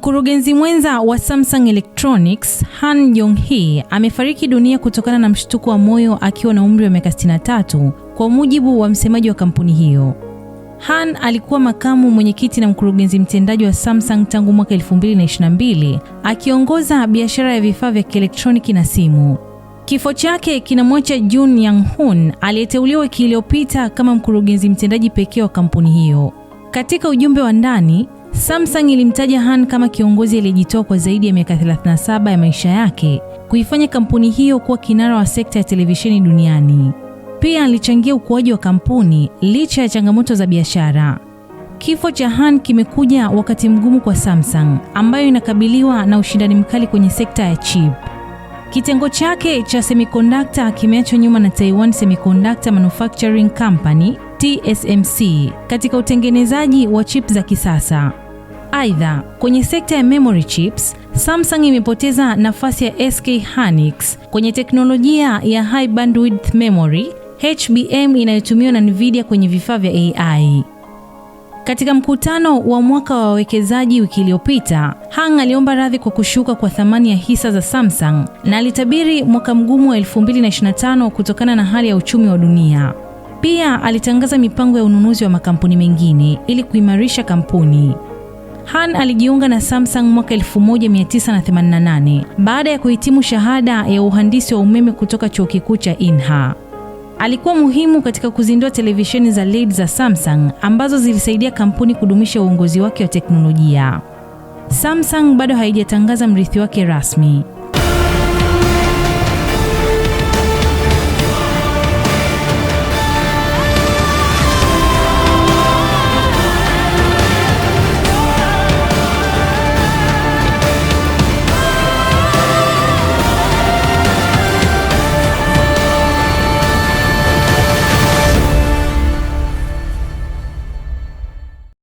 Mkurugenzi mwenza wa Samsung Electronics, Han Jong-hee amefariki dunia kutokana na mshtuko wa moyo akiwa na umri wa miaka 63, kwa mujibu wa msemaji wa kampuni hiyo. Han alikuwa makamu mwenyekiti na mkurugenzi mtendaji wa Samsung tangu mwaka 2022, akiongoza biashara ya vifaa vya kielektroniki na simu. Kifo chake kinamwacha Jun Yang-hoon aliyeteuliwa wiki iliyopita kama mkurugenzi mtendaji pekee wa kampuni hiyo. Katika ujumbe wa ndani Samsung ilimtaja Han kama kiongozi aliyejitoa kwa zaidi ya miaka 37 ya maisha yake kuifanya kampuni hiyo kuwa kinara wa sekta ya televisheni duniani. Pia alichangia ukuaji wa kampuni licha ya changamoto za biashara. Kifo cha Han kimekuja wakati mgumu kwa Samsung ambayo inakabiliwa na ushindani mkali kwenye sekta ya chip. Kitengo chake cha semiconductor kimeachwa nyuma na Taiwan Semiconductor Manufacturing Company TSMC katika utengenezaji wa chip za kisasa. Aidha, kwenye sekta ya memory chips, Samsung imepoteza nafasi ya SK Hynix kwenye teknolojia ya high bandwidth memory HBM inayotumiwa na Nvidia kwenye vifaa vya AI. Katika mkutano wa mwaka wa wawekezaji wiki iliyopita, Hang aliomba radhi kwa kushuka kwa thamani ya hisa za Samsung na alitabiri mwaka mgumu wa 2025 kutokana na hali ya uchumi wa dunia. Pia alitangaza mipango ya ununuzi wa makampuni mengine ili kuimarisha kampuni. Han alijiunga na Samsung mwaka 1988 baada ya kuhitimu shahada ya uhandisi wa umeme kutoka chuo kikuu cha Inha. Alikuwa muhimu katika kuzindua televisheni za LED za Samsung ambazo zilisaidia kampuni kudumisha uongozi wake wa teknolojia. Samsung bado haijatangaza mrithi wake rasmi,